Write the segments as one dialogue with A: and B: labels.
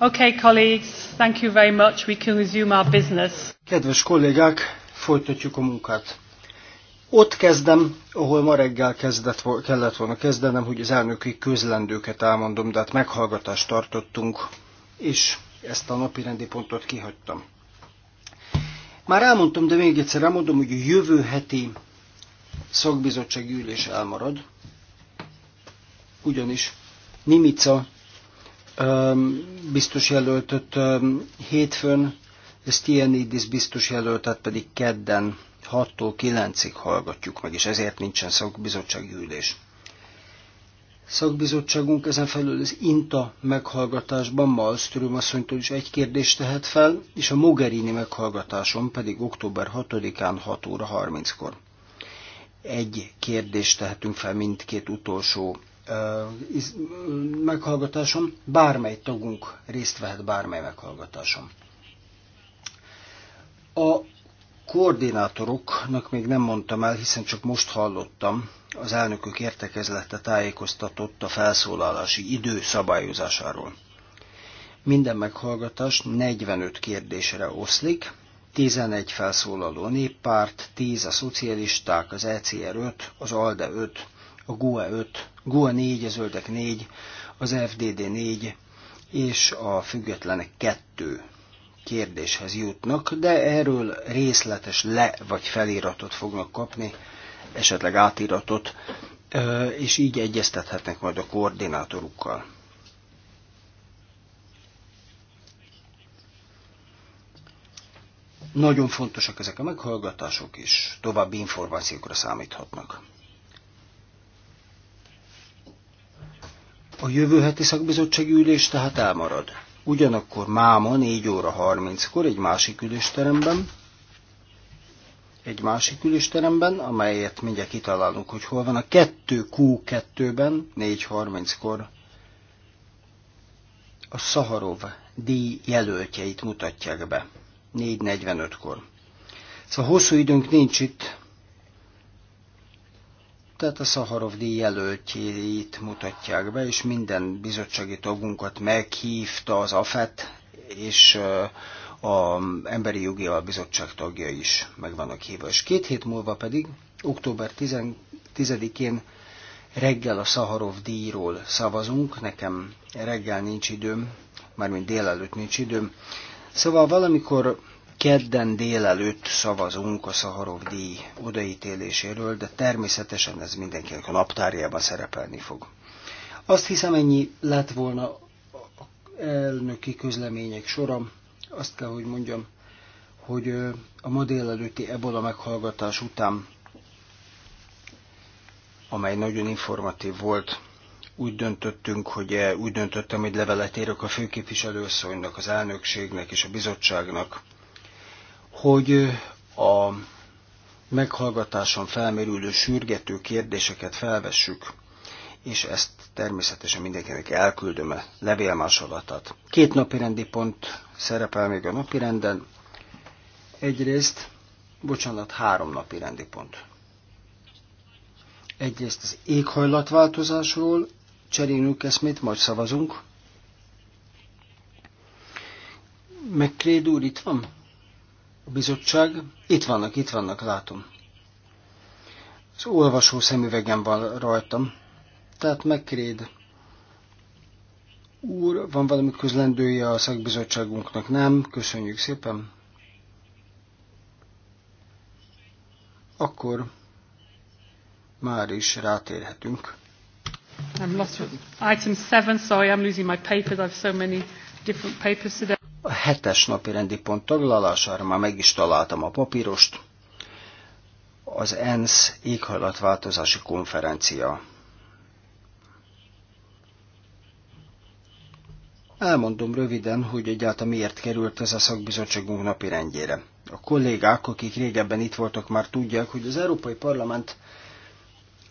A: Okay, colleagues, thank you very much. We can resume our business. Kedves
B: kollégák, folytatjuk a munkát. Ott kezdem, ahol ma reggel kezdett, kellett volna kezdenem, hogy az elnöki közlendőket elmondom, de hát meghallgatást tartottunk, és ezt a napi rendi pontot kihagytam. Már elmondtam, de még egyszer elmondom, hogy a jövő heti szakbizottsági ülés elmarad, ugyanis Nimica biztos jelöltöt hétfőn, Stianidis biztos jelöltet pedig kedden 6-tól 9-ig hallgatjuk meg, és ezért nincsen szakbizottsági ülés. Szakbizottságunk ezen felül az INTA meghallgatásban Malmström asszonytól is egy kérdést tehet fel, és a Mogherini meghallgatáson pedig október 6-án 6 óra 30-kor. Egy kérdést tehetünk fel mindkét utolsó meghallgatáson, bármely tagunk részt vehet bármely meghallgatáson. A koordinátoroknak még nem mondtam el, hiszen csak most hallottam, az elnökök értekezlete tájékoztatott a felszólalási idő szabályozásáról. Minden meghallgatás 45 kérdésre oszlik, 11 felszólaló néppárt, 10 a szocialisták, az ECR 5, az ALDE 5, a GUA 5, GUA 4, a zöldek 4, az FDD 4 és a függetlenek 2 kérdéshez jutnak, de erről részletes le- vagy feliratot fognak kapni, esetleg átiratot, és így egyeztethetnek majd a koordinátorukkal. Nagyon fontosak ezek a meghallgatások, és további információkra számíthatnak. A jövő heti szakbizottsági ülés tehát elmarad. Ugyanakkor máma 4 óra 30-kor egy másik ülésteremben, egy másik ülésteremben, amelyet mindjárt kitalálunk, hogy hol van a 2Q2-ben, 4.30-kor a Szaharov díj jelöltjeit mutatják be, 4.45-kor. Szóval hosszú időnk nincs itt, tehát a Szaharov díj jelöltjét mutatják be, és minden bizottsági tagunkat meghívta az AFET, és a Emberi Jogi Albizottság tagja is meg vannak hívva. És két hét múlva pedig, október 10-én reggel a Szaharov díjról szavazunk, nekem reggel nincs időm, mármint délelőtt nincs időm. Szóval valamikor kedden délelőtt szavazunk a Szaharok díj odaítéléséről, de természetesen ez mindenkinek a naptárjában szerepelni fog. Azt hiszem, ennyi lett volna a elnöki közlemények sora. Azt kell, hogy mondjam, hogy a ma délelőtti ebola meghallgatás után, amely nagyon informatív volt, úgy döntöttünk, hogy úgy döntöttem, hogy levelet írok a főképviselőszonynak, az elnökségnek és a bizottságnak, hogy a meghallgatáson felmerülő sürgető kérdéseket felvessük, és ezt természetesen mindenkinek elküldöm a levélmásolatot. Két napirendi pont szerepel még a napirenden. Egyrészt, bocsánat, három napirendi pont. Egyrészt az éghajlatváltozásról cserélünk eszmét, majd szavazunk. McCreed úr itt van? a bizottság. Itt vannak, itt vannak, látom. Az olvasó szemüvegem van rajtam. Tehát megkréd. Úr, van valami közlendője a szakbizottságunknak? Nem, köszönjük szépen. Akkor már is rátérhetünk.
A: I'm lost item seven, sorry, I'm losing my papers, I have so many different papers today.
B: A hetes napi rendi pont taglalására már meg is találtam a papírost. Az ENSZ éghajlatváltozási konferencia. Elmondom röviden, hogy egyáltalán miért került ez a szakbizottságunk napi rendjére. A kollégák, akik régebben itt voltak, már tudják, hogy az Európai Parlament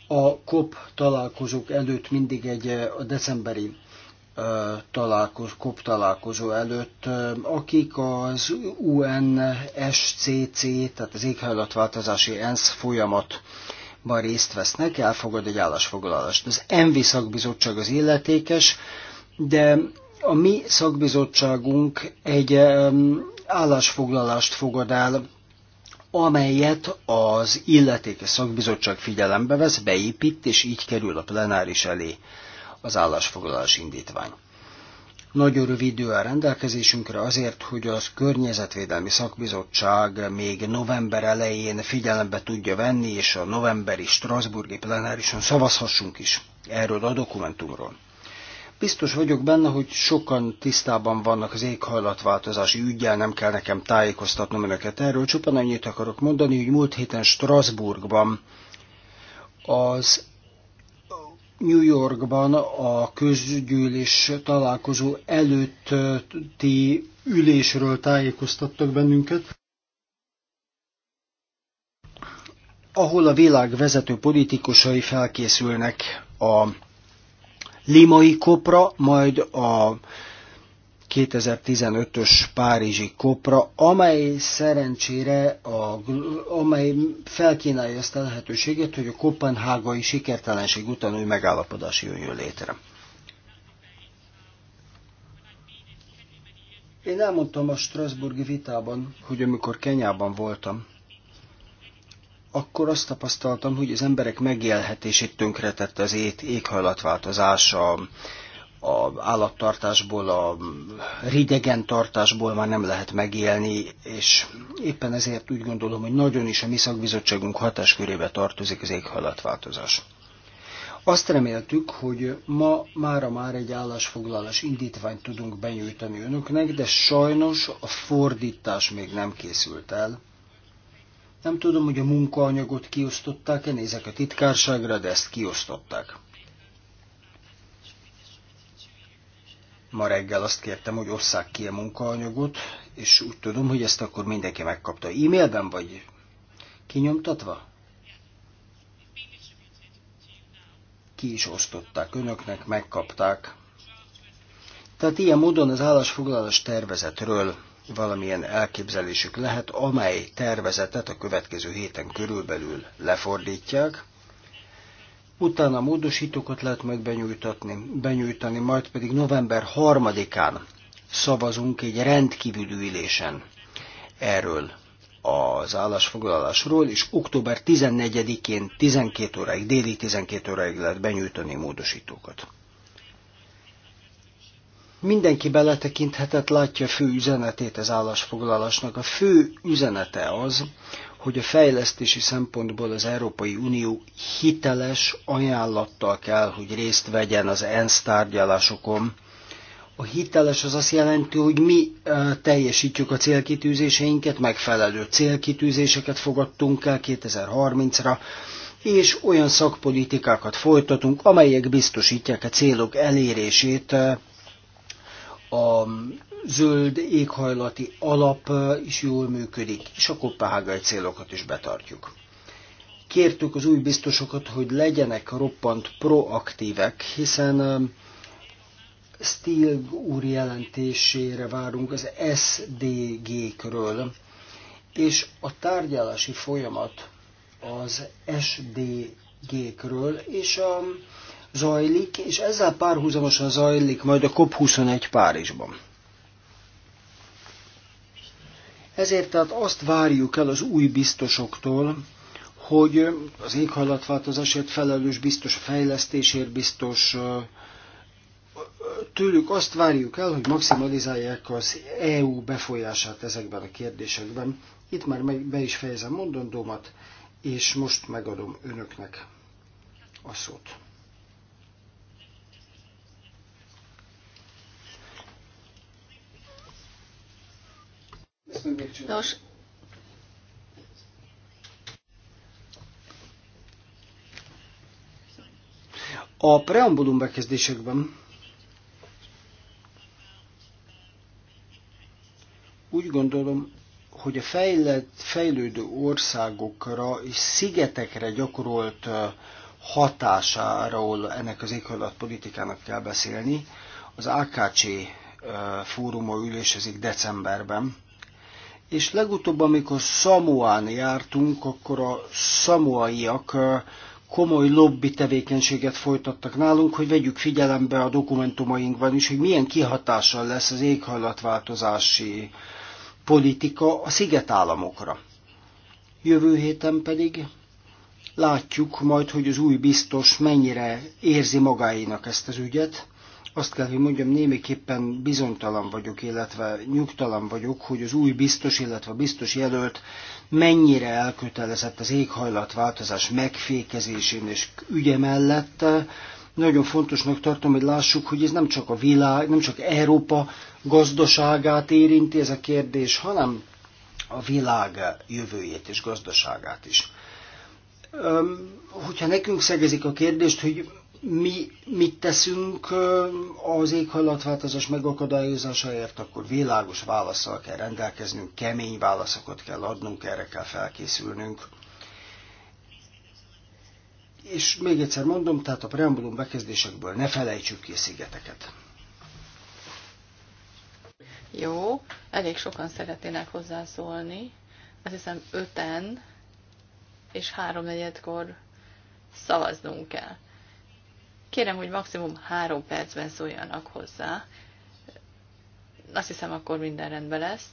B: a COP találkozók előtt mindig egy eh, a decemberi találkoz, kop találkozó előtt, akik az UNSCC, tehát az éghajlatváltozási ENSZ folyamatban részt vesznek, elfogad egy állásfoglalást. Az ENVI szakbizottság az illetékes, de a mi szakbizottságunk egy állásfoglalást fogad el, amelyet az illetékes szakbizottság figyelembe vesz, beépít, és így kerül a plenáris elé az állásfoglalás indítvány. Nagyon rövid idő a rendelkezésünkre azért, hogy az Környezetvédelmi Szakbizottság még november elején figyelembe tudja venni, és a novemberi Strasburgi plenárison szavazhassunk is erről a dokumentumról. Biztos vagyok benne, hogy sokan tisztában vannak az éghajlatváltozási ügyel, nem kell nekem tájékoztatnom önöket erről, csupán annyit akarok mondani, hogy múlt héten Strasbourgban az New Yorkban a közgyűlés találkozó előtti ülésről tájékoztattak bennünket, ahol a világ vezető politikusai felkészülnek a limai kopra, majd a 2015-ös Párizsi kopra, amely szerencsére, a, amely felkínálja azt a lehetőséget, hogy a kopenhágai sikertelenség után új megállapodás jöjjön létre. Én elmondtam a Strasburgi vitában, hogy amikor Kenyában voltam, akkor azt tapasztaltam, hogy az emberek megélhetését tönkretette az éghajlatváltozás, a, a állattartásból, a ridegen tartásból már nem lehet megélni, és éppen ezért úgy gondolom, hogy nagyon is a mi szakbizottságunk hatáskörébe tartozik az éghajlatváltozás. Azt reméltük, hogy ma a már egy állásfoglalás indítványt tudunk benyújtani önöknek, de sajnos a fordítás még nem készült el. Nem tudom, hogy a munkaanyagot kiosztották-e, nézek a titkárságra, de ezt kiosztották. ma reggel azt kértem, hogy osszák ki a munkaanyagot, és úgy tudom, hogy ezt akkor mindenki megkapta. E-mailben vagy kinyomtatva? Ki is osztották önöknek, megkapták. Tehát ilyen módon az állásfoglalás tervezetről valamilyen elképzelésük lehet, amely tervezetet a következő héten körülbelül lefordítják, utána módosítókat lehet meg benyújtatni, benyújtani, majd pedig november 3-án szavazunk egy rendkívül ülésen erről az állásfoglalásról, és október 14-én 12 óráig, déli 12 óráig lehet benyújtani módosítókat. Mindenki beletekinthetett, látja fő üzenetét az állásfoglalásnak. A fő üzenete az, hogy a fejlesztési szempontból az Európai Unió hiteles ajánlattal kell, hogy részt vegyen az ENSZ tárgyalásokon. A hiteles az azt jelenti, hogy mi teljesítjük a célkitűzéseinket, megfelelő célkitűzéseket fogadtunk el 2030-ra, és olyan szakpolitikákat folytatunk, amelyek biztosítják a célok elérését a zöld éghajlati alap is jól működik, és a kopenhágai célokat is betartjuk. Kértük az új biztosokat, hogy legyenek roppant proaktívek, hiszen Stil úr jelentésére várunk az SDG-kről, és a tárgyalási folyamat az SDG-kről, és a zajlik, és ezzel párhuzamosan zajlik majd a COP21 Párizsban. Ezért tehát azt várjuk el az új biztosoktól, hogy az éghajlatváltozásért felelős biztos, a fejlesztésért biztos, tőlük azt várjuk el, hogy maximalizálják az EU befolyását ezekben a kérdésekben. Itt már meg, be is fejezem mondandómat, és most megadom önöknek a
A: szót. Nos,
B: a preambulum bekezdésekben úgy gondolom, hogy a fejlett, fejlődő országokra és szigetekre gyakorolt hatásáról ennek az éghajlatpolitikának kell beszélni. Az AKC ülés ezik decemberben, és legutóbb, amikor Samoán jártunk, akkor a szamoaiak komoly lobby tevékenységet folytattak nálunk, hogy vegyük figyelembe a dokumentumainkban is, hogy milyen kihatással lesz az éghajlatváltozási politika a szigetállamokra. Jövő héten pedig látjuk majd, hogy az új biztos mennyire érzi magáinak ezt az ügyet, azt kell, hogy mondjam, némiképpen bizonytalan vagyok, illetve nyugtalan vagyok, hogy az új biztos, illetve biztos jelölt mennyire elkötelezett az éghajlatváltozás megfékezésén és ügye mellett. Nagyon fontosnak tartom, hogy lássuk, hogy ez nem csak a világ, nem csak Európa gazdaságát érinti ez a kérdés, hanem a világ jövőjét és gazdaságát is hogyha nekünk szegezik a kérdést, hogy mi mit teszünk az éghajlatváltozás megakadályozásáért, akkor világos válaszsal kell rendelkeznünk, kemény válaszokat kell adnunk, erre kell felkészülnünk. És még egyszer mondom, tehát a preambulum bekezdésekből ne felejtsük ki a szigeteket.
A: Jó, elég sokan szeretnének hozzászólni. Azt hiszem öten és háromnegyedkor szavaznunk kell. Kérem, hogy maximum három percben szóljanak hozzá. Azt hiszem, akkor minden rendben lesz.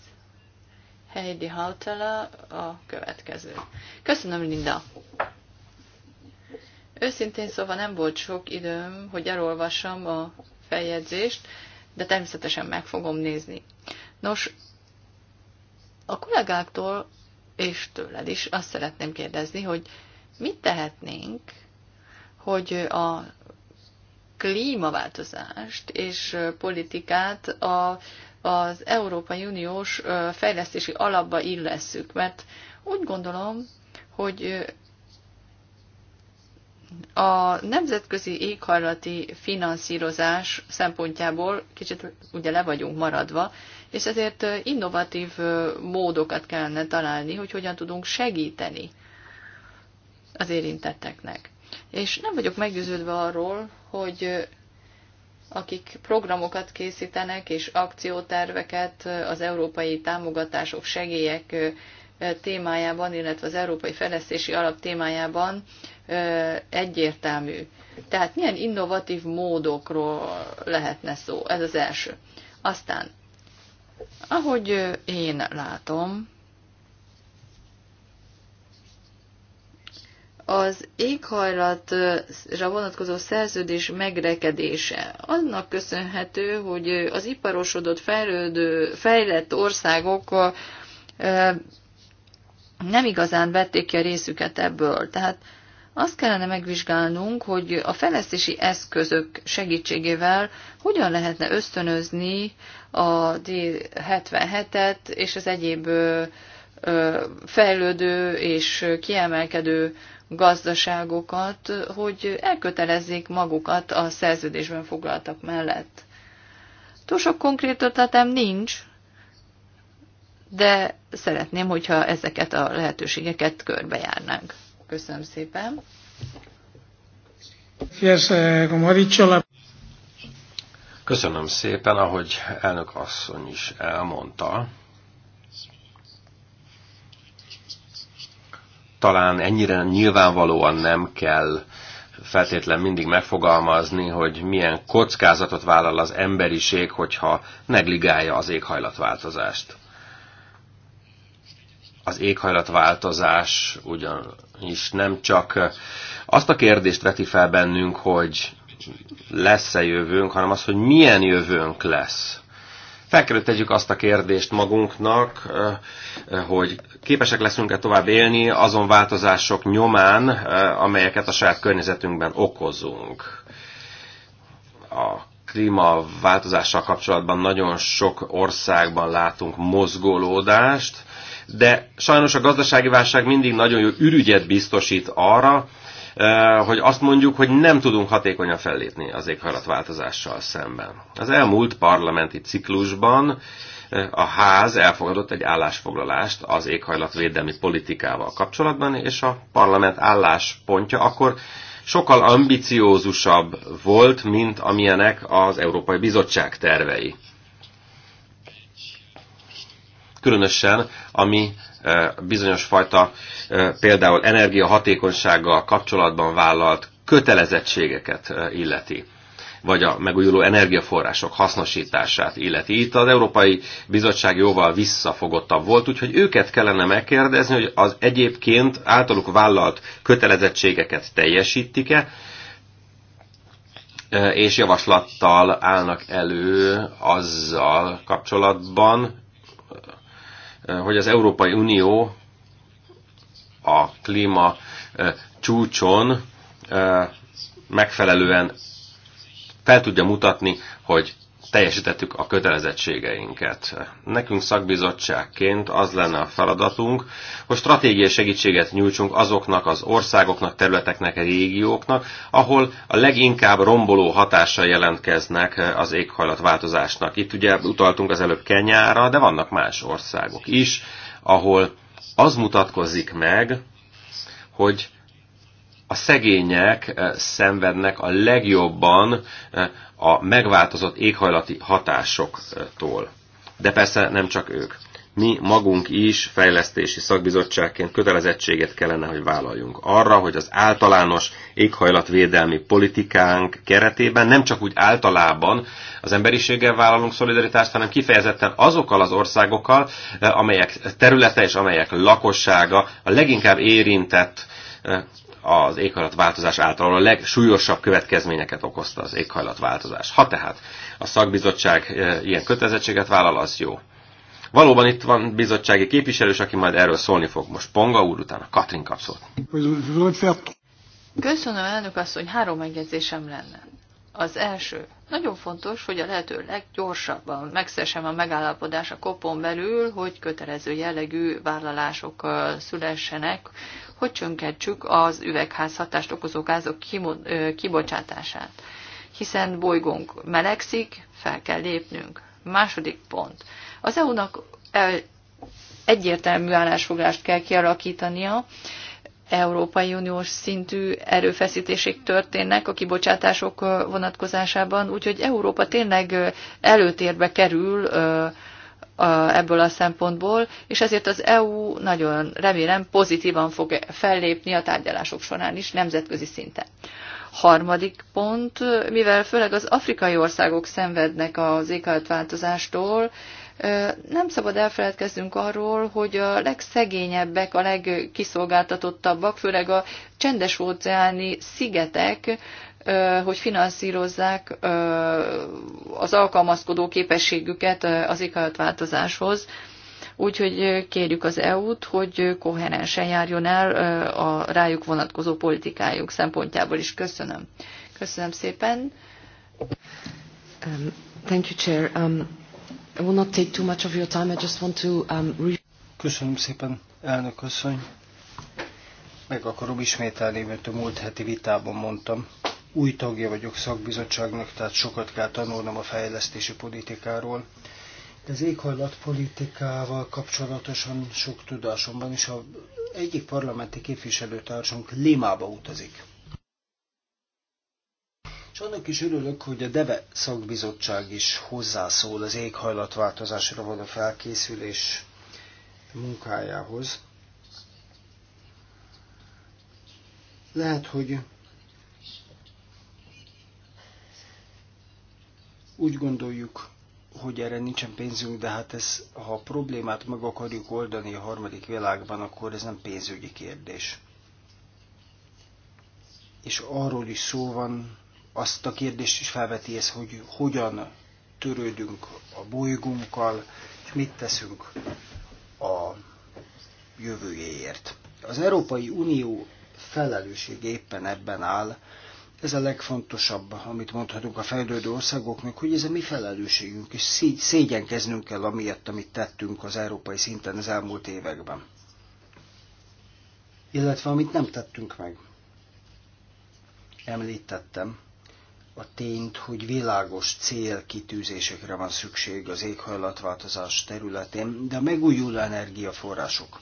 A: Heidi Hautala a következő. Köszönöm, Linda! Őszintén szóval nem volt sok időm, hogy elolvassam a feljegyzést, de természetesen meg fogom nézni. Nos, a kollégáktól és tőled is azt szeretném kérdezni, hogy mit tehetnénk, hogy a klímaváltozást és politikát a, az Európai Uniós fejlesztési alapba illesszük, mert úgy gondolom, hogy a nemzetközi éghajlati finanszírozás szempontjából kicsit ugye le vagyunk maradva, és ezért innovatív módokat kellene találni, hogy hogyan tudunk segíteni az érintetteknek és nem vagyok meggyőződve arról, hogy akik programokat készítenek és akcióterveket az európai támogatások, segélyek témájában, illetve az Európai Fejlesztési Alap témájában egyértelmű. Tehát milyen innovatív módokról lehetne szó? Ez az első. Aztán, ahogy én látom, az éghajlatra vonatkozó szerződés megrekedése annak köszönhető, hogy az iparosodott, fejlődő, fejlett országok nem igazán vették ki a részüket ebből. Tehát azt kellene megvizsgálnunk, hogy a fejlesztési eszközök segítségével hogyan lehetne ösztönözni a D77-et és az egyéb fejlődő és kiemelkedő gazdaságokat, hogy elkötelezzék magukat a szerződésben foglaltak mellett. Túl sok konkrét ötletem nincs, de szeretném, hogyha ezeket a lehetőségeket körbejárnánk. Köszönöm szépen.
B: Eh,
C: Köszönöm szépen, ahogy elnök asszony is elmondta. talán ennyire nyilvánvalóan nem kell feltétlen mindig megfogalmazni, hogy milyen kockázatot vállal az emberiség, hogyha negligálja az éghajlatváltozást. Az éghajlatváltozás ugyanis nem csak azt a kérdést veti fel bennünk, hogy lesz-e jövőnk, hanem az, hogy milyen jövőnk lesz. Fel kell tegyük azt a kérdést magunknak, eh, hogy képesek leszünk-e tovább élni azon változások nyomán, eh, amelyeket a saját környezetünkben okozunk. A klímaváltozással kapcsolatban nagyon sok országban látunk mozgolódást, de sajnos a gazdasági válság mindig nagyon jó ürügyet biztosít arra, Eh, hogy azt mondjuk, hogy nem tudunk hatékonyan fellépni az éghajlatváltozással szemben. Az elmúlt parlamenti ciklusban eh, a ház elfogadott egy állásfoglalást az éghajlatvédelmi politikával kapcsolatban, és a parlament álláspontja akkor sokkal ambiciózusabb volt, mint amilyenek az Európai Bizottság tervei. Különösen, ami bizonyos fajta például energiahatékonysággal kapcsolatban vállalt kötelezettségeket illeti vagy a megújuló energiaforrások hasznosítását illeti. Itt az Európai Bizottság jóval visszafogottabb volt, úgyhogy őket kellene megkérdezni, hogy az egyébként általuk vállalt kötelezettségeket teljesítik-e, és javaslattal állnak elő azzal kapcsolatban, Eh, hogy az Európai Unió a klíma eh, csúcson eh, megfelelően fel tudja mutatni, hogy teljesítettük a kötelezettségeinket. Nekünk szakbizottságként az lenne a feladatunk, hogy stratégiai segítséget nyújtsunk azoknak az országoknak, területeknek, régióknak, ahol a leginkább romboló hatása jelentkeznek az éghajlatváltozásnak. Itt ugye utaltunk az előbb Kenyára, de vannak más országok is, ahol az mutatkozik meg, hogy a szegények eh, szenvednek a legjobban eh, a megváltozott éghajlati hatásoktól. De persze nem csak ők. Mi magunk is fejlesztési szakbizottságként kötelezettséget kellene, hogy vállaljunk arra, hogy az általános éghajlatvédelmi politikánk keretében nem csak úgy általában az emberiséggel vállalunk szolidaritást, hanem kifejezetten azokkal az országokkal, eh, amelyek területe és amelyek lakossága a leginkább érintett az éghajlatváltozás által a legsúlyosabb következményeket okozta az éghajlatváltozás. Ha tehát a szakbizottság e, ilyen kötelezettséget vállal, az jó. Valóban itt van bizottsági képviselős, aki majd erről szólni fog. Most Ponga úr, utána Katrin kap
A: Köszönöm, elnök asszony, három megjegyzésem lenne. Az első, nagyon fontos, hogy a lehető leggyorsabban megszesem a megállapodás a kopon belül, hogy kötelező jellegű vállalások szülessenek hogy csönkentsük az üvegházhatást okozó gázok kibocsátását. Hiszen bolygónk melegszik, fel kell lépnünk. Második pont. Az EU-nak egyértelmű állásfoglást kell kialakítania, Európai Uniós szintű erőfeszítések történnek a kibocsátások vonatkozásában, úgyhogy Európa tényleg előtérbe kerül ebből a szempontból, és ezért az EU nagyon remélem pozitívan fog fellépni a tárgyalások során is nemzetközi szinten. Harmadik pont, mivel főleg az afrikai országok szenvednek az éghajlatváltozástól, nem szabad elfeledkeznünk arról, hogy a legszegényebbek, a legkiszolgáltatottabbak, főleg a csendes óceáni szigetek hogy finanszírozzák az alkalmazkodó képességüket az éghajlatváltozáshoz. Úgyhogy kérjük az EU-t, hogy koherensen járjon el a rájuk vonatkozó politikájuk szempontjából is. Köszönöm. Köszönöm szépen. Um, thank you, Chair. Um,
B: I will not take too much of your time. I just want to um, Köszönöm szépen, elnök asszony. Meg akarom ismételni, mert a múlt heti vitában mondtam új tagja vagyok szakbizottságnak, tehát sokat kell tanulnom a fejlesztési politikáról. De az éghajlatpolitikával kapcsolatosan sok tudásom van, és a egyik parlamenti képviselőtársunk Limába utazik. És annak is örülök, hogy a DEVE szakbizottság is hozzászól az éghajlatváltozásra való felkészülés munkájához. Lehet, hogy Úgy gondoljuk, hogy erre nincsen pénzünk, de hát ez, ha a problémát meg akarjuk oldani a harmadik világban, akkor ez nem pénzügyi kérdés. És arról is szó van, azt a kérdést is felveti ez, hogy hogyan törődünk a bolygónkkal, és mit teszünk a jövőjéért. Az Európai Unió felelősség éppen ebben áll, ez a legfontosabb, amit mondhatunk a fejlődő országoknak, hogy ez a mi felelősségünk, és szégy, szégyenkeznünk kell amiatt, amit tettünk az európai szinten az elmúlt években. Illetve amit nem tettünk meg. Említettem a tényt, hogy világos célkitűzésekre van szükség az éghajlatváltozás területén, de a megújuló energiaforrások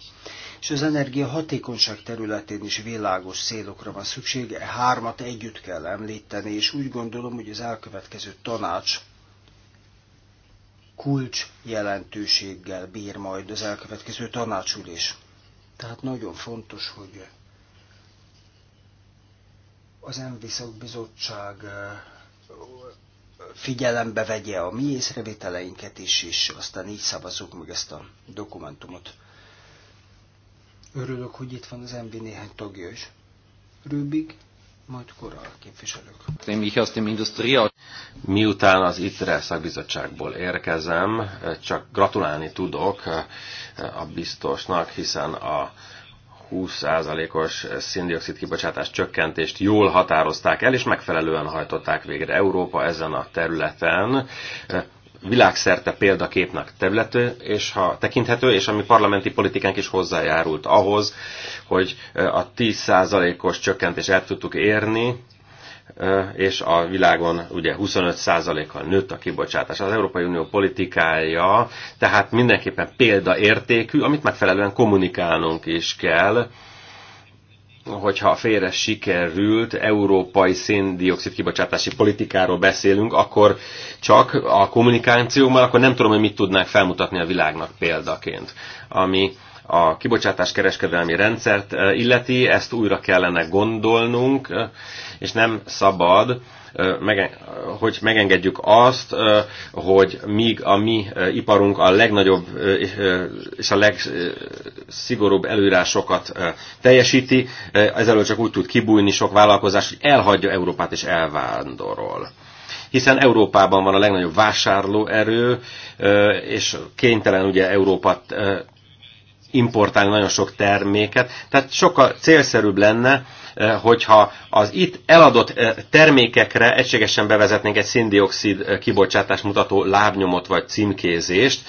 B: és az energia hatékonyság területén is világos célokra van szükség. E hármat együtt kell említeni, és úgy gondolom, hogy az elkövetkező tanács kulcs jelentőséggel bír majd az elkövetkező tanácsülés. Tehát nagyon fontos, hogy az MV bizottság e, figyelembe vegye a mi észrevételeinket is, és aztán így szavazzuk meg ezt a dokumentumot. Örülök, hogy itt van az MB néhány tagja is. Rübig, majd korral képviselők.
C: Miután az ITRE szakbizottságból érkezem, csak gratulálni tudok eh, a biztosnak, hiszen a 20%-os szindioxid kibocsátás csökkentést jól határozták el, és megfelelően hajtották végre Európa ezen a területen világszerte példaképnek területő, és ha tekinthető, és ami parlamenti politikánk is hozzájárult ahhoz, hogy a 10%-os csökkentés el tudtuk érni, és a világon ugye 25%-kal nőtt a kibocsátás. Az Európai Unió politikája tehát mindenképpen példaértékű, amit megfelelően kommunikálnunk is kell, hogyha a félre sikerült európai széndiokszid kibocsátási politikáról beszélünk, akkor csak a kommunikációmmal, akkor nem tudom, hogy mit tudnánk felmutatni a világnak példaként. Ami a kibocsátás kereskedelmi rendszert eh, illeti, ezt újra kellene gondolnunk, eh, és nem szabad hogy megengedjük azt, hogy míg a mi iparunk a legnagyobb és a legszigorúbb előírásokat teljesíti, ezelőtt csak úgy tud kibújni sok vállalkozás, hogy elhagyja Európát és elvándorol hiszen Európában van a legnagyobb vásárlóerő, és kénytelen ugye Európát importálni nagyon sok terméket, tehát sokkal célszerűbb lenne, eh, hogyha az itt eladott eh, termékekre egységesen bevezetnénk egy szindioxid eh, kibocsátás mutató lábnyomot vagy címkézést,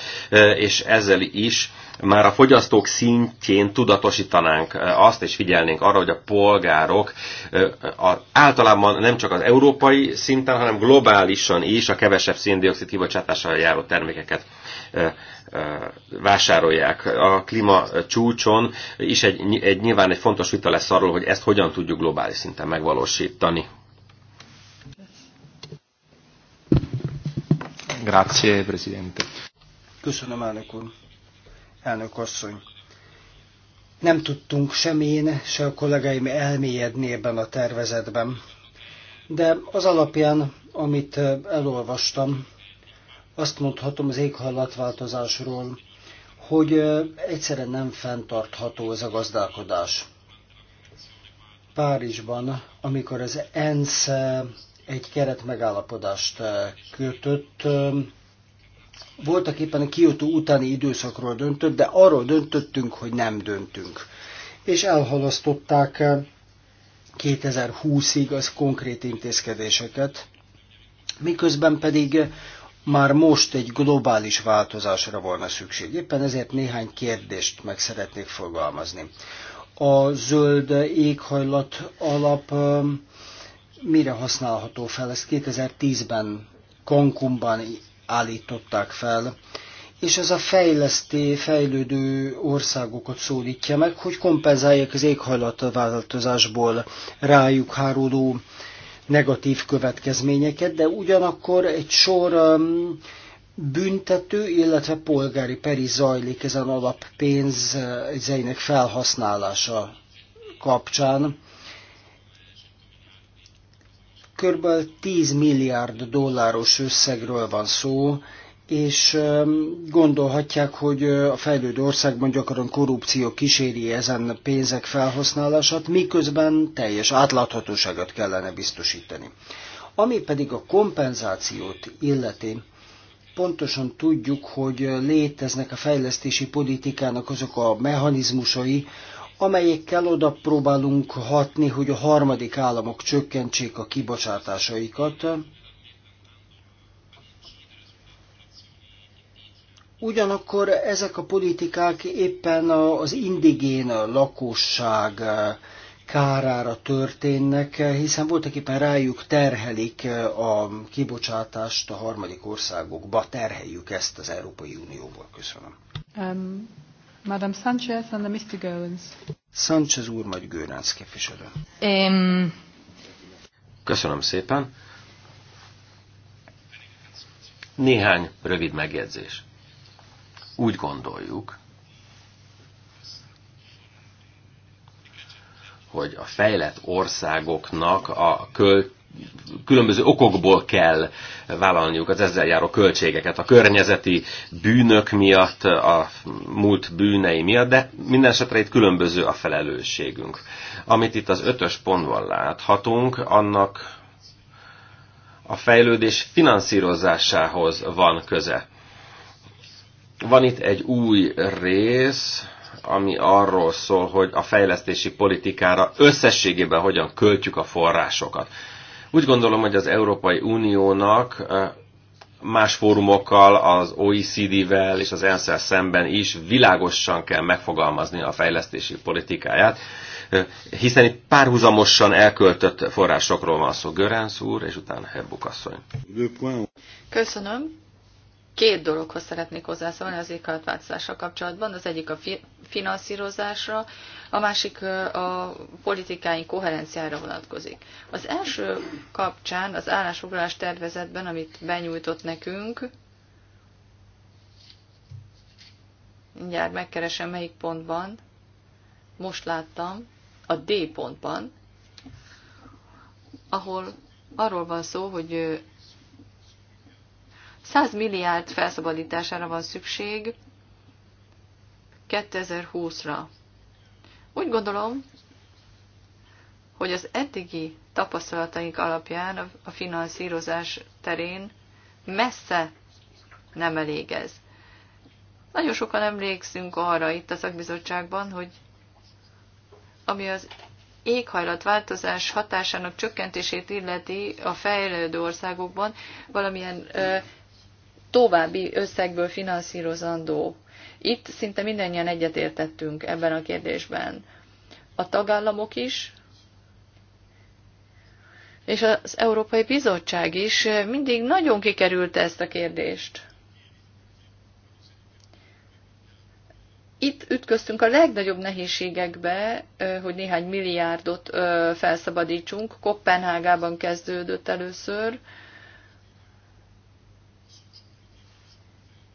C: és ezzel is már a fogyasztók szintjén tudatosítanánk azt, és figyelnénk arra, hogy a polgárok általában nem csak az európai szinten, hanem globálisan is a kevesebb szindioxid kibocsátással járó termékeket vásárolják. A klíma csúcson is egy, egy, nyilván egy fontos vita lesz arról, hogy ezt hogyan tudjuk globális szinten megvalósítani. Grazie, Presidente.
B: Köszönöm, elnök úr. Elnök asszony. Nem tudtunk sem én, se a kollégáim elmélyedni ebben a tervezetben, de az alapján, amit elolvastam, azt mondhatom az éghajlatváltozásról, hogy egyszerűen nem fenntartható ez a gazdálkodás. Párizsban, amikor az ENSZ egy keret megállapodást kötött, voltak éppen a Kyoto utáni időszakról döntött, de arról döntöttünk, hogy nem döntünk. És elhalasztották 2020-ig az konkrét intézkedéseket, miközben pedig már most egy globális változásra volna szükség. Éppen ezért néhány kérdést meg szeretnék fogalmazni. A zöld éghajlat alap mire használható fel? Ezt 2010-ben Cancunban állították fel, és ez a fejleszté, fejlődő országokat szólítja meg, hogy kompenzálják az éghajlatváltozásból rájuk háruló negatív következményeket, de ugyanakkor egy sor um, büntető, illetve polgári peri zajlik ezen alap uh, felhasználása kapcsán. Körülbelül 10 milliárd dolláros összegről van szó, és gondolhatják, hogy a fejlődő országban gyakran korrupció kíséri ezen pénzek felhasználását, miközben teljes átláthatóságot kellene biztosítani. Ami pedig a kompenzációt illeti, pontosan tudjuk, hogy léteznek a fejlesztési politikának azok a mechanizmusai, amelyekkel oda próbálunk hatni, hogy a harmadik államok csökkentsék a kibocsátásaikat, Ugyanakkor ezek a politikák éppen az indigén lakosság eh, kárára történnek, eh, hiszen voltak éppen rájuk terhelik eh, a kibocsátást a harmadik országokba, terheljük ezt az Európai Unióból. Köszönöm.
A: Um, Madame Sanchez and the Mr. Goins.
C: Sanchez úr, majd Gőránc képviselő.
A: Um,
C: Köszönöm szépen. Néhány rövid megjegyzés. Úgy gondoljuk, hogy a fejlett országoknak a köl különböző okokból kell vállalniuk az ezzel járó költségeket, a környezeti bűnök miatt, a múlt bűnei miatt, de minden esetre itt különböző a felelősségünk. Amit itt az ötös pontban láthatunk, annak a fejlődés finanszírozásához van köze. Van itt egy új rész, ami arról szól, hogy a fejlesztési politikára összességében hogyan költjük a forrásokat. Úgy gondolom, hogy az Európai Uniónak más fórumokkal, az OECD-vel és az ensz szemben is világosan kell megfogalmazni a fejlesztési politikáját, hiszen itt párhuzamosan elköltött forrásokról van szó. Görenc úr, és utána Herbuk asszony.
A: Köszönöm. Két dologhoz szeretnék hozzászólni az éghajlatváltozással kapcsolatban. Az egyik a finanszírozásra, a másik a politikáink koherenciára vonatkozik. Az első kapcsán az állásfoglalás tervezetben, amit benyújtott nekünk, mindjárt megkeresem melyik pontban, most láttam, a D pontban, ahol arról van szó, hogy 100 milliárd felszabadítására van szükség 2020-ra. Úgy gondolom, hogy az eddigi tapasztalataink alapján a finanszírozás terén messze nem elég ez. Nagyon sokan emlékszünk arra itt a szakbizottságban, hogy ami az éghajlatváltozás hatásának csökkentését illeti a fejlődő országokban, valamilyen uh, további összegből finanszírozandó. Itt szinte mindannyian egyetértettünk ebben a kérdésben. A tagállamok is, és az Európai Bizottság is mindig nagyon kikerült ezt a kérdést. Itt ütköztünk a legnagyobb nehézségekbe, hogy néhány milliárdot felszabadítsunk. Kopenhágában kezdődött először,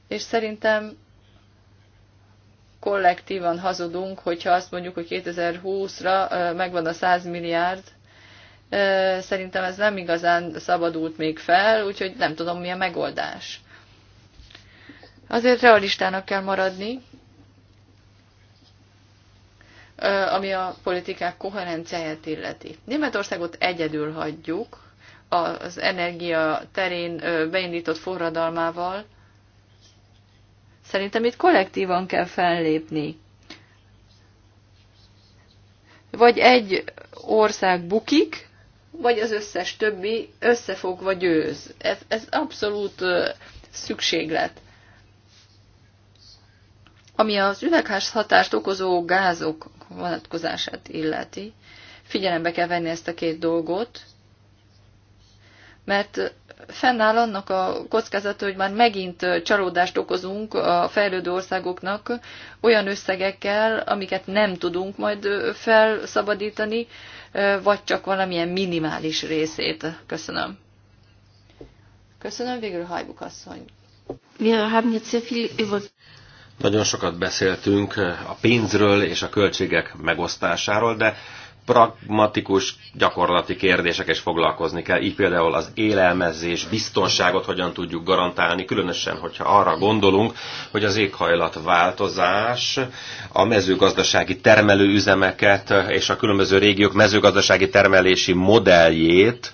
A: és szerintem kollektívan hazudunk, hogyha azt mondjuk, hogy 2020-ra megvan a 100 milliárd, szerintem ez nem igazán szabadult még fel, úgyhogy nem tudom, mi a megoldás. Azért realistának kell maradni, ami a politikák koherenciáját illeti. Németországot egyedül hagyjuk az energia terén beindított forradalmával, Szerintem itt kollektívan kell fellépni. Vagy egy ország bukik, vagy az összes többi összefogva győz. Ez, ez abszolút szükséglet. Ami az üvegház hatást okozó gázok vonatkozását illeti, figyelembe kell venni ezt a két dolgot, mert fennáll annak a kockázata, hogy már megint csalódást okozunk a fejlődő országoknak olyan összegekkel, amiket nem tudunk majd felszabadítani, vagy csak valamilyen minimális részét. Köszönöm. Köszönöm végül Hajbuk asszony.
C: Nagyon sokat beszéltünk a pénzről és a költségek megosztásáról, de pragmatikus, gyakorlati kérdések is foglalkozni kell, így például az élelmezés, biztonságot hogyan tudjuk garantálni, különösen, hogyha arra gondolunk, hogy az éghajlatváltozás a mezőgazdasági termelőüzemeket és a különböző régiók mezőgazdasági termelési modelljét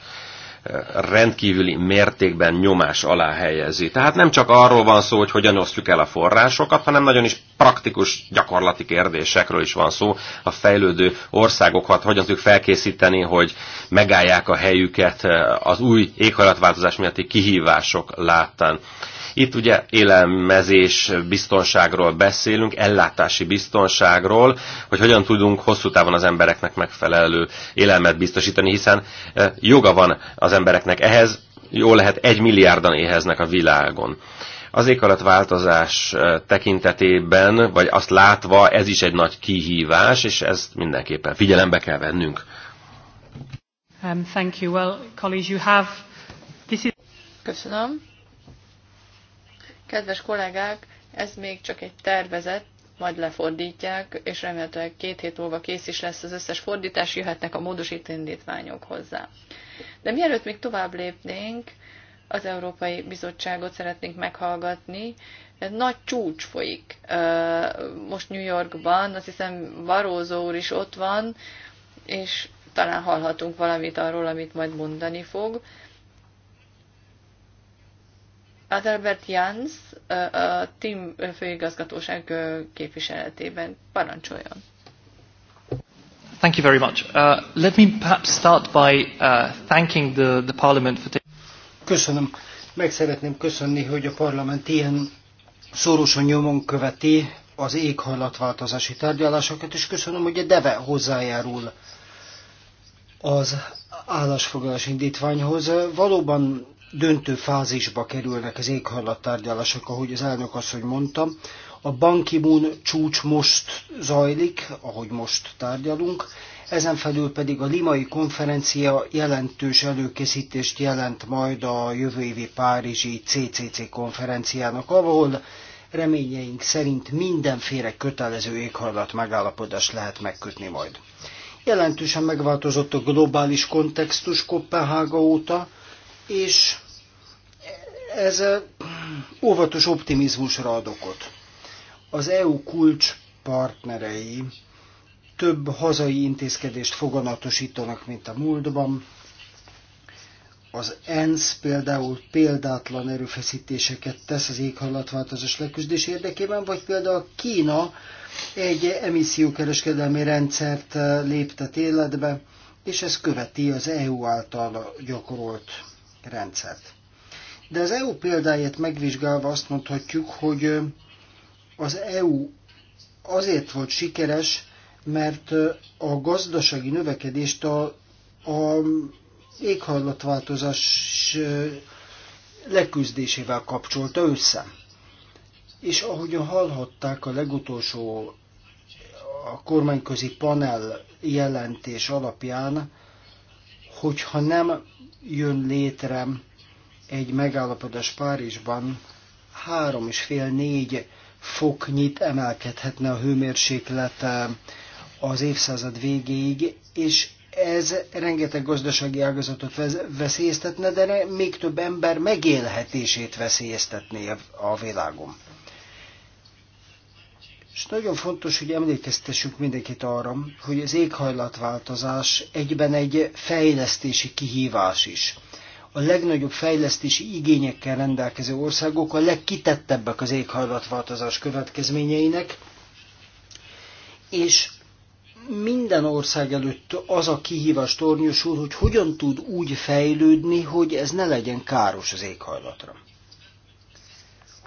C: eh, rendkívüli mértékben nyomás alá helyezi. Tehát nem csak arról van szó, hogy hogyan osztjuk el a forrásokat, hanem nagyon is praktikus gyakorlati kérdésekről is van szó. A fejlődő országokat hogyan tudjuk felkészíteni, hogy megállják a helyüket eh, az új éghajlatváltozás miatti kihívások láttán. Itt ugye élelmezés biztonságról beszélünk, ellátási biztonságról, hogy hogyan tudunk hosszú távon az embereknek megfelelő élelmet biztosítani, hiszen eh, joga van az embereknek ehhez, jó lehet egy milliárdan éheznek a világon. Az változás tekintetében, vagy azt látva, ez is egy nagy kihívás, és ezt mindenképpen figyelembe kell vennünk.
A: Um, thank you. Well, colleagues, you have... This is... Köszönöm. Kedves kollégák, ez még csak egy tervezet, majd lefordítják, és remélhetőleg két hét múlva kész is lesz az összes fordítás, jöhetnek a módosító indítványok hozzá. De mielőtt még tovább lépnénk, az Európai Bizottságot szeretnénk meghallgatni. nagy csúcs folyik most New Yorkban, azt hiszem Barózó úr is ott van, és talán hallhatunk valamit arról, amit majd mondani fog. Adelbert Jans a TIM főigazgatóság képviseletében parancsoljon.
C: Thank you very much. Uh, let me perhaps start by uh, thanking the, the Parliament for taking Köszönöm.
B: Meg szeretném köszönni, hogy a parlament ilyen szorosan nyomon követi az éghajlatváltozási tárgyalásokat, és köszönöm, hogy a DEVE hozzájárul az állásfoglalás indítványhoz. Valóban döntő fázisba kerülnek az éghajlattárgyalások, ahogy az elnök asszony mondta. A banki Moon csúcs most zajlik, ahogy most tárgyalunk, ezen felül pedig a limai konferencia jelentős előkészítést jelent majd a jövő évi Párizsi CCC konferenciának, ahol reményeink szerint mindenféle kötelező éghajlat megállapodást lehet megkötni majd. Jelentősen megváltozott a globális kontextus Kopenhága óta, és ez óvatos optimizmusra ad okot az EU kulcs partnerei több hazai intézkedést foganatosítanak, mint a múltban. Az ENSZ például példátlan erőfeszítéseket tesz az éghajlatváltozás leküzdés érdekében, vagy például Kína egy emissziókereskedelmi rendszert eh, léptet életbe, és ez követi az EU által gyakorolt rendszert. De az EU példáját megvizsgálva azt mondhatjuk, hogy eh, az EU azért volt sikeres, mert a gazdasági növekedést a, a éghajlatváltozás leküzdésével kapcsolta össze. És ahogyan hallhatták a legutolsó a kormányközi panel jelentés alapján, hogyha nem jön létre egy megállapodás Párizsban, három és fél négy foknyit emelkedhetne a hőmérséklet az évszázad végéig, és ez rengeteg gazdasági ágazatot veszélyeztetne, de még több ember megélhetését veszélyeztetné a világon. És nagyon fontos, hogy emlékeztessük mindenkit arra, hogy az éghajlatváltozás egyben egy fejlesztési kihívás is a legnagyobb fejlesztési igényekkel rendelkező országok a legkitettebbek az éghajlatváltozás következményeinek, és minden ország előtt az a kihívás tornyosul, hogy hogyan tud úgy fejlődni, hogy ez ne legyen káros az éghajlatra.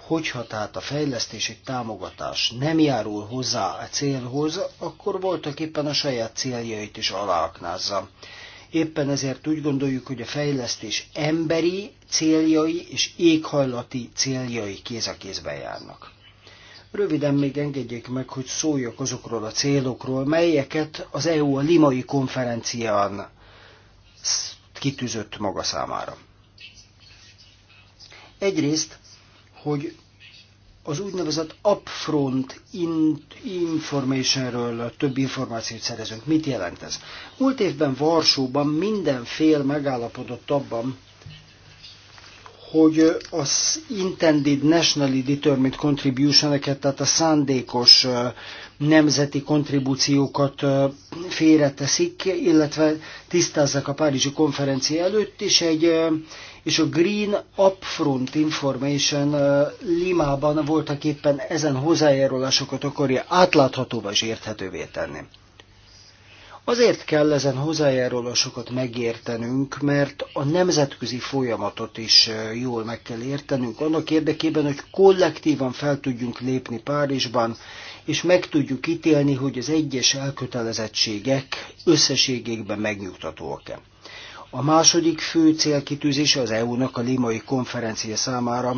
B: Hogyha tehát a fejlesztési támogatás nem járul hozzá a célhoz, akkor voltak éppen a saját céljait is aláaknázza. Éppen ezért úgy gondoljuk, hogy a fejlesztés emberi céljai és éghajlati céljai kéz a kézben járnak. Röviden még engedjék meg, hogy szóljak azokról a célokról, melyeket az EU a limai konferencián kitűzött maga számára. Egyrészt, hogy az úgynevezett upfront informationről több információt szerezünk. Mit jelent ez? Múlt évben Varsóban minden fél megállapodott abban, hogy az intended nationally determined contribution tehát a szándékos nemzeti kontribúciókat félreteszik, illetve tisztázzák a Párizsi konferencia előtt, és, egy, és a Green Upfront Information Limában voltak éppen ezen hozzájárulásokat akarja átláthatóvá és érthetővé tenni. Azért kell ezen hozzájárulásokat megértenünk, mert a nemzetközi folyamatot is jól meg kell értenünk, annak érdekében, hogy kollektívan fel tudjunk lépni Párizsban, és meg tudjuk ítélni, hogy az egyes elkötelezettségek összességében megnyugtatóak-e. A második fő célkitűzése az EU-nak a limai konferencia számára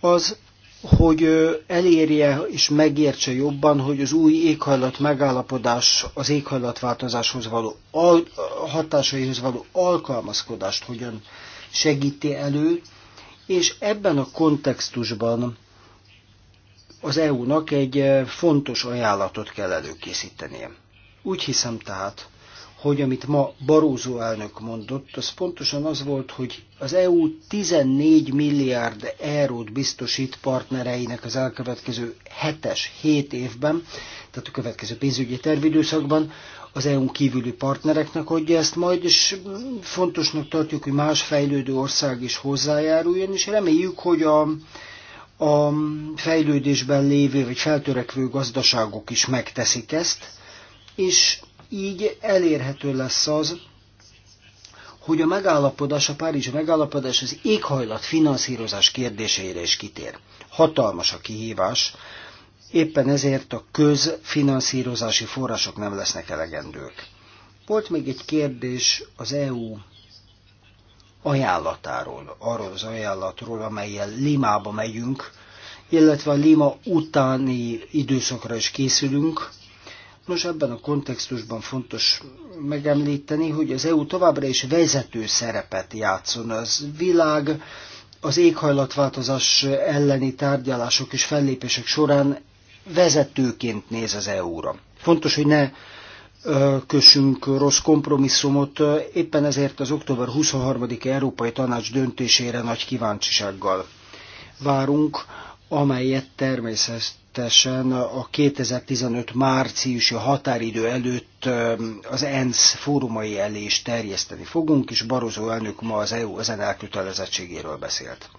B: az, hogy elérje és megértse jobban, hogy az új éghajlat megállapodás az éghajlatváltozáshoz való hatásaihoz való alkalmazkodást hogyan segíti elő, és ebben a kontextusban az EU-nak egy fontos ajánlatot kell előkészítenie. Úgy hiszem tehát, hogy amit ma Barózó elnök mondott, az pontosan az volt, hogy az EU 14 milliárd eurót biztosít partnereinek az elkövetkező 7-es, 7 évben, tehát a következő pénzügyi tervidőszakban, az EU-n kívüli partnereknek adja ezt majd, és fontosnak tartjuk, hogy más fejlődő ország is hozzájáruljon, és reméljük, hogy a, a fejlődésben lévő vagy feltörekvő gazdaságok is megteszik ezt, és így elérhető lesz az, hogy a megállapodás, a Párizsi megállapodás az éghajlat finanszírozás kérdéseire is kitér. Hatalmas a kihívás, éppen ezért a közfinanszírozási források nem lesznek elegendők. Volt még egy kérdés az EU ajánlatáról, arról az ajánlatról, amelyel Limába megyünk, illetve a Lima utáni időszakra is készülünk, Nos, ebben a kontextusban fontos megemlíteni, hogy az EU továbbra is vezető szerepet játszon. Az világ az éghajlatváltozás elleni tárgyalások és fellépések során vezetőként néz az EU-ra. Fontos, hogy ne kössünk rossz kompromisszumot, éppen ezért az október 23-i Európai Tanács döntésére nagy kíváncsisággal várunk, amelyet természet, természetesen a 2015 márciusi határidő előtt az ENSZ fórumai elé is terjeszteni fogunk, és Barozó elnök ma az EU ezen elkötelezettségéről beszélt.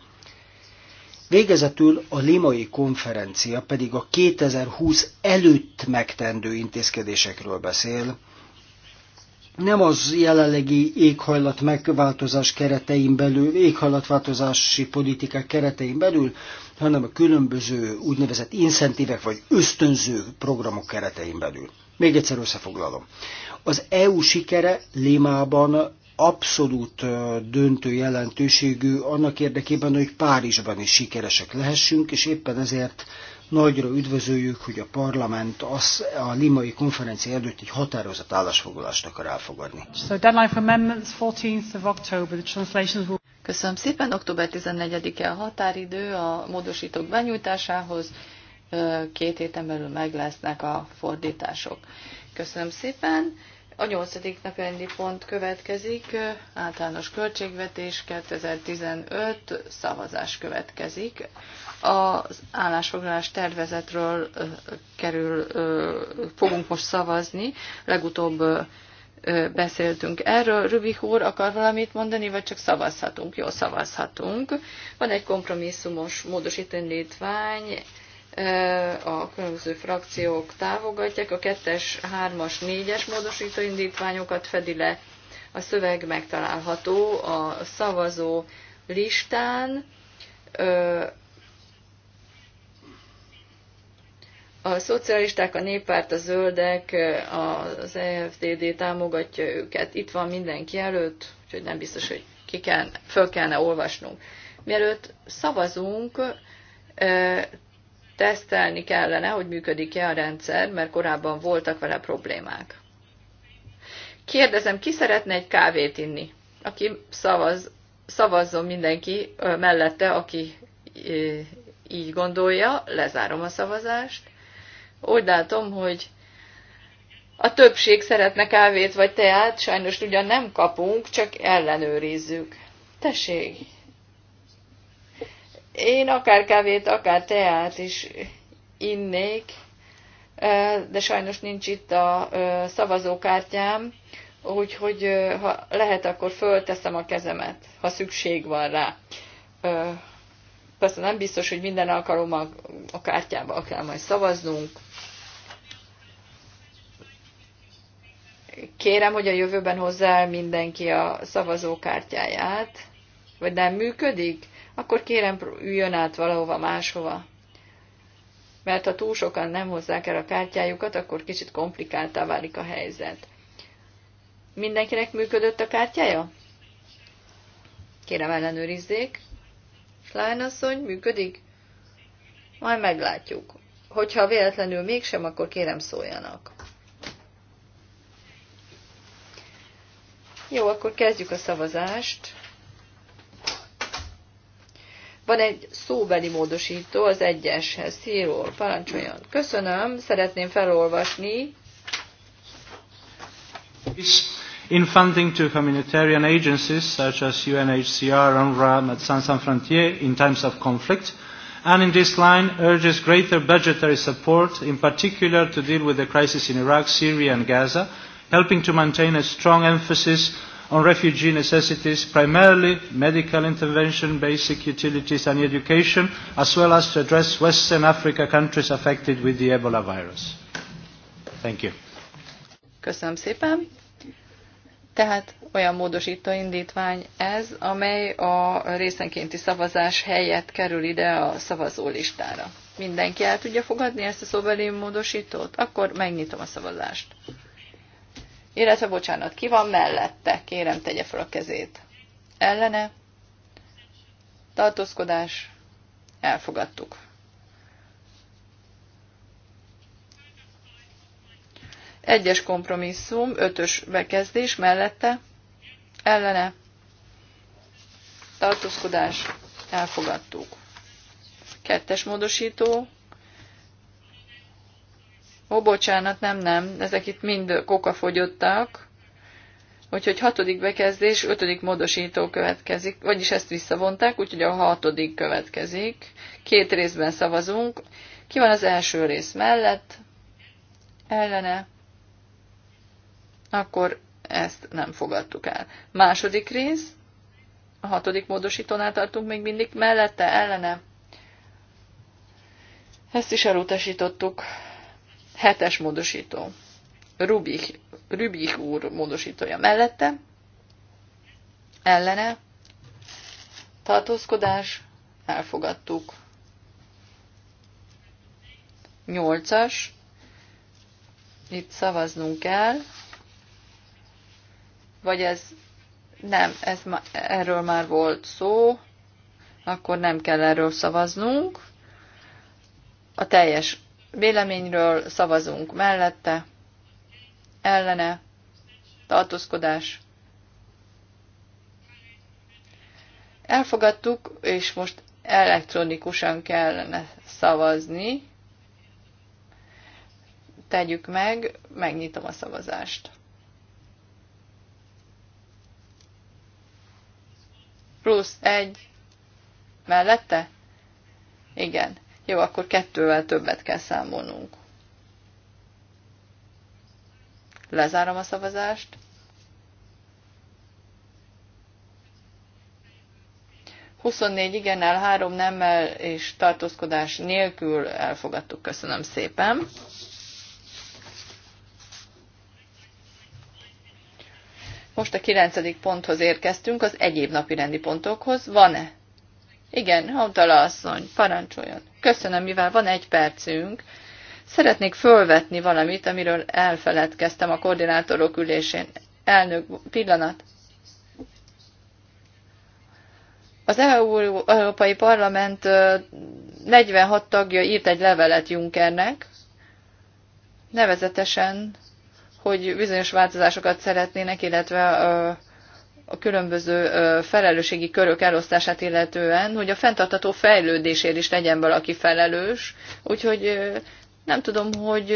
B: Végezetül a limai konferencia pedig a 2020 előtt megtendő intézkedésekről beszél, nem az jelenlegi éghajlat megváltozás keretein belül, éghajlatváltozási politika keretein belül, hanem a különböző úgynevezett incentívek vagy ösztönző programok keretein belül. Még egyszer összefoglalom. Az EU sikere Limában abszolút döntő jelentőségű annak érdekében, hogy Párizsban is sikeresek lehessünk, és éppen ezért Nagyra üdvözöljük, hogy a parlament az a limai konferencia előtt egy határozott állásfoglalást akar elfogadni. So
A: deadline for amendments 14th of October. The translations will... Köszönöm szépen. Október 14-e a határidő a módosítók benyújtásához. Két héten belül meg lesznek a fordítások. Köszönöm szépen. A nyolcadik napi pont következik, általános költségvetés 2015 szavazás következik. Az állásfoglalás tervezetről kerül, fogunk most szavazni, legutóbb beszéltünk erről. Rubik úr akar valamit mondani, vagy csak szavazhatunk? Jó, szavazhatunk. Van egy kompromisszumos módosítani létvány, a különböző frakciók távogatják, a 2-es, 3-as, 4-es módosítóindítványokat indítványokat fedi le. A szöveg megtalálható a szavazó listán. A szocialisták, a néppárt, a zöldek, az EFTD támogatja őket. Itt van mindenki előtt, úgyhogy nem biztos, hogy ki kell, föl kellene olvasnunk. Mielőtt szavazunk, tesztelni kellene, hogy működik-e a rendszer, mert korábban voltak vele problémák. Kérdezem, ki szeretne egy kávét inni? Aki szavaz, szavazzon mindenki mellette, aki így gondolja, lezárom a szavazást. Úgy látom, hogy a többség szeretne kávét vagy teát, sajnos ugyan nem kapunk, csak ellenőrizzük. Tessék, én akár kávét, akár teát is innék, de sajnos nincs itt a szavazókártyám, úgyhogy ha lehet, akkor fölteszem a kezemet, ha szükség van rá. Persze nem biztos, hogy minden alkalommal a kártyába kell majd szavaznunk. Kérem, hogy a jövőben hozzá mindenki a szavazókártyáját, vagy nem működik? akkor kérem üljön át valahova máshova. Mert ha túl sokan nem hozzák el a kártyájukat, akkor kicsit komplikáltá válik a helyzet. Mindenkinek működött a kártyája? Kérem ellenőrizzék. Lányasszony, működik? Majd meglátjuk. Hogyha véletlenül mégsem, akkor kérem szóljanak. Jó, akkor kezdjük a szavazást. Van egy szóbeli módosító az egyeshez. szíról parancsoljon. Köszönöm, szeretném felolvasni. In funding to humanitarian agencies such as UNHCR, UNRWA, Médecins Sans Frontières in times of conflict, and in this line urges greater budgetary support, in particular to deal with the crisis in Iraq, Syria and Gaza, helping to maintain a strong emphasis on refugee necessities, primarily medical intervention, basic utilities and education, as well as to address Western Africa countries affected with the Ebola virus. Thank you. Köszönöm szépen. Tehát olyan módosító indítvány ez, amely a részenkénti szavazás helyett kerül ide a szavazó listára. Mindenki el tudja fogadni ezt a szóbeli módosítót? Akkor megnyitom a szavazást illetve bocsánat, ki van mellette, kérem tegye fel a kezét. Ellene, tartózkodás, elfogadtuk. Egyes kompromisszum, ötös bekezdés mellette, ellene, tartózkodás, elfogadtuk. Kettes módosító, Ó, bocsánat, nem, nem, ezek itt mind kokafogyottak. Úgyhogy hatodik bekezdés, ötödik módosító következik, vagyis ezt visszavonták, úgyhogy a hatodik következik. Két részben szavazunk. Ki van az első rész mellett? Ellene? Akkor ezt nem fogadtuk el. Második rész, a hatodik módosítónál tartunk még mindig, mellette, ellene? Ezt is elutasítottuk. Hetes módosító. Rubik, Rubik úr módosítója mellette. Ellene. Tartózkodás. Elfogadtuk. Nyolcas. Itt szavaznunk kell. Vagy ez... Nem, ez ma, erről már volt szó. Akkor nem kell erről szavaznunk. A teljes Véleményről szavazunk mellette, ellene, tartózkodás. Elfogadtuk, és most elektronikusan kellene szavazni. Tegyük meg, megnyitom a szavazást. Plusz egy mellette? Igen. Jó, akkor kettővel többet kell számolnunk. Lezárom a szavazást. 24 igennel, három nemmel és tartózkodás nélkül elfogadtuk. Köszönöm szépen. Most a kilencedik ponthoz érkeztünk, az egyéb napi rendi pontokhoz. Van-e igen, Hautala asszony, parancsoljon. Köszönöm, mivel van egy percünk. Szeretnék fölvetni valamit, amiről elfeledkeztem a koordinátorok ülésén. Elnök, pillanat. Az e Európai Parlament 46 tagja írt egy levelet Junckernek, nevezetesen, hogy bizonyos változásokat szeretnének, illetve a különböző felelősségi körök elosztását illetően, hogy a fenntartató fejlődésért is legyen valaki felelős. Úgyhogy nem tudom, hogy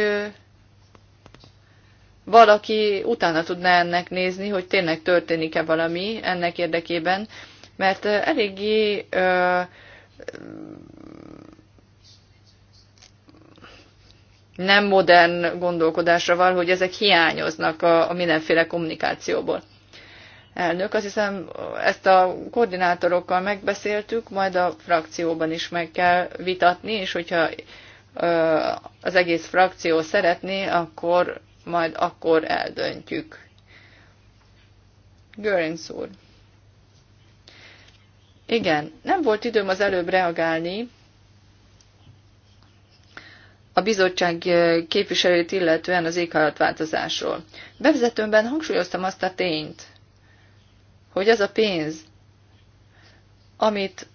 A: valaki utána tudná ennek nézni, hogy tényleg történik-e valami ennek érdekében, mert eléggé ö, nem modern gondolkodásra van, hogy ezek hiányoznak a, a mindenféle kommunikációból elnök. Azt hiszem, ezt a koordinátorokkal megbeszéltük, majd a frakcióban is meg kell vitatni, és hogyha az egész frakció szeretné, akkor majd akkor eldöntjük. Görinc úr. Igen, nem volt időm az előbb reagálni a bizottság képviselőt illetően az éghajlatváltozásról. Bevezetőmben hangsúlyoztam azt a tényt, hogy az a pénz, amit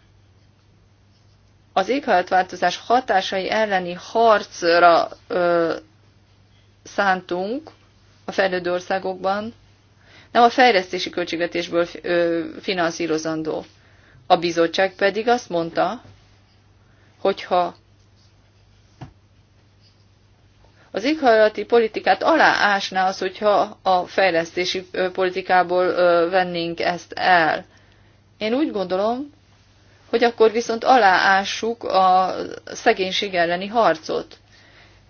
A: az éghajlatváltozás hatásai elleni harcra ö, szántunk a fejlődő országokban, nem a fejlesztési költségvetésből ö, finanszírozandó. A bizottság pedig azt mondta, hogyha Az éghajlati politikát aláásná az, hogyha a fejlesztési politikából vennénk ezt el. Én úgy gondolom, hogy akkor viszont aláássuk a szegénység elleni harcot.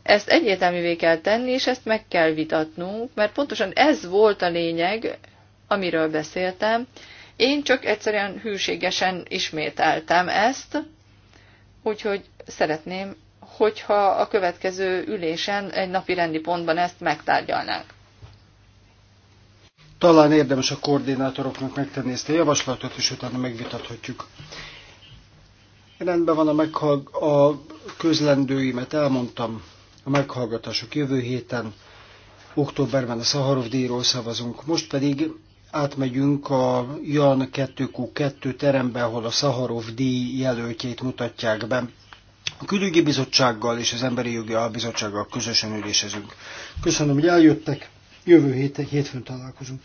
A: Ezt egyértelművé kell tenni, és ezt meg kell vitatnunk, mert pontosan ez volt a lényeg, amiről beszéltem. Én csak egyszerűen hűségesen ismételtem ezt, úgyhogy szeretném hogyha a következő ülésen egy napi rendi pontban ezt megtárgyalnánk.
B: Talán érdemes a koordinátoroknak megtenni ezt a javaslatot, és utána megvitathatjuk. Rendben van, a, meghallg- a közlendőimet elmondtam a meghallgatások jövő héten. Októberben a Szaharov díjról szavazunk. Most pedig átmegyünk a Jan 2Q2 terembe, ahol a Szaharov díj jelöltjét mutatják be. A külügyi bizottsággal és az Emberi Jogi Albizottsággal közösen ülésezünk. Köszönöm, hogy eljöttek. Jövő héten, hétfőn találkozunk.